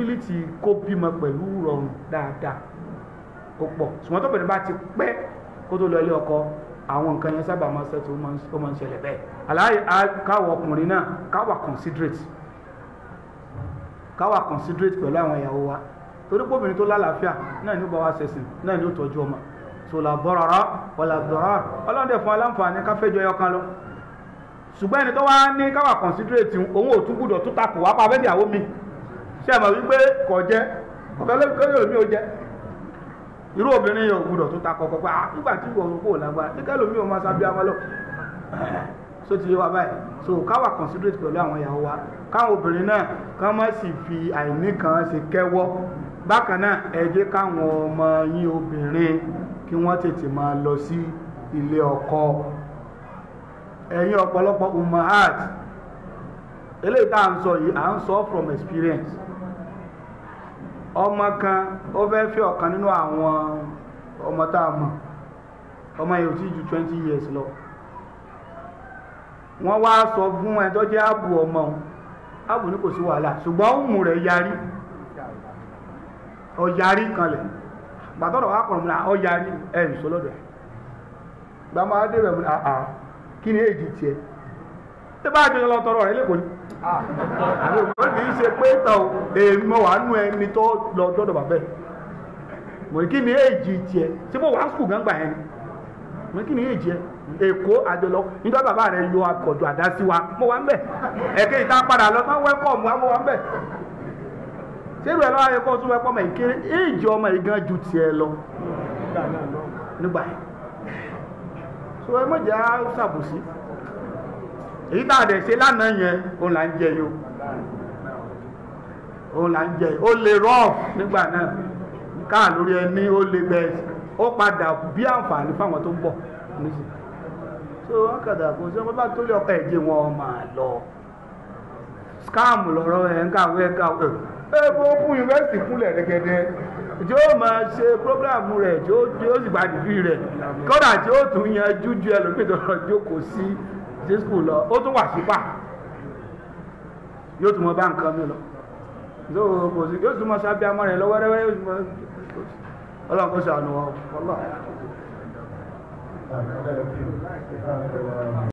possibility kó bímọ pẹ̀lú rọrùn dáadáa kó pọ̀ ṣùgbọ́n tóbìnrin bá ti pẹ́ kó tó lọ ilé ọkọ àwọn nǹkan yẹn sábà máa ń ṣètò ó máa ń ṣẹlẹ̀ bẹ́ẹ̀ aláì káwọ ọkùnrin náà káwà considerate káwà considerate pẹ̀lú àwọn ìyàwó wa torí pé obìnrin tó lálàáfíà náà ni ó bá wa ṣẹ̀sìn náà ni ó tọ́jú ọmọ tòlà bọ́rọ̀rọ̀ ọ̀là bọ́rọ̀ ọlọ́dẹ fún aláǹfààní káfẹ́jọ yọkan lọ ṣùgbọ́n ẹni tó wá ní káwà considerate òun ò tún gbúdọ̀ tó takò wá pa abẹ́dẹ̀ àwọn mi ṣé àmọ̀ wípé kò jẹ́ ọ̀fẹ́ lẹ́kọ̀ọ́ mi ò jẹ́ irú obìnrin yẹn gbúdọ̀ tó ta kọ̀kọ́ pé àgbà ah, tí ìwọ̀n kò lágbára kíkẹ́ lómi ò máa sábẹ́ amọ́ so ti yé wa báyìí so káwa considerate pẹ̀lú àwọn ìyàwó wa káwọn obìnrin náà kán má sì fi àìní kan ṣe kẹ́wọ́ bákan náà ẹ jẹ́ káwọn ọmọ yín obìnrin kí wọ́n tètè máa lọ sí ilé ọkọ ẹ̀yin ọ̀pọ̀lọpọ̀ umahat eléyìí tá à ń sọ yìí à ń sọ from experience ọmọ kan ó fẹ́ fi ọ̀kan nínú àwọn ọmọ tá a mọ̀ ọmọ yìí ò tí ju years lọ wọ́n wá sọ fún ẹ tó jẹ́ ààbò ọmọ òun ààbò ní kò sí wàhálà ṣùgbọ́n òmù rẹ̀ yarí ọ̀yarí kanlẹ̀ gbàtọ́rọ̀ wá pọ̀rọ̀ múra ọ̀yarí ẹ̀ ń sọlọ́dọ̀ gbàmọ́ adébẹ̀ kí ni tiẹ̀ bá jẹ́ rẹ̀ lẹ́kọ̀ọ́ àmọ́ kì í ṣe pé tàn èmi mo wà nú ẹni tó lọ dọ́dọ̀ bàbá ẹ̀ kí ni èjì tiẹ̀ tí mo wá sùkúù gángbà yẹn mo kí ni èjì ẹ̀ èkó àjọlọ nígbà bàbá rẹ̀ yọ akọ̀dọ̀ àdásí wa mo wà ń bẹ̀ ẹ̀kẹ́ ìta padà lọ tán wẹ́kọ̀mù wa mo wà ń bẹ̀ sẹ́rù ẹ̀ lọ́wọ́ ayé kó tún wẹ́kọ̀mù ẹ̀ kéré èjì ọmọ yìí ju tiẹ̀ lọ nígbà yẹn so ẹ mọ̀jà ṣàbòsí èyí tá a dẹ̀ ṣe lánàá yẹn òun là ń jẹ yó òun là ń jẹ ó lè rọ́ọ̀f nígbà náà káà lórí ẹni ó lè bẹ ó padà bí àǹfààní fáwọn tó ń bọ̀ níṣẹ́ tó wọn kàdà kó sọ wọn bá tó lé ọkọ ẹ̀jẹ̀ wọn máa lọ scam lọ́rọ̀ ẹ̀ ń kàwé ẹ̀ka ẹ̀ ẹ̀ bó fún yunifásitì kúnlẹ̀ rẹ́gẹ́dẹ́ tí ó máa ṣe programu rẹ̀ tí ó sì gba dìbí rẹ̀ kódà tí ó tún yanjú ju ẹlòmíì tó lọ jókòó sí sí skul lọ ó tún wà sípà yóò tún mọ bá nǹkan mi lọ so kò sí yóò tún mọ sábẹ́ amọ́ rẹ̀ lọ wẹ́rẹ́wẹ́rẹ́ yóò tún mọ ọlọ́run kò sànù wọn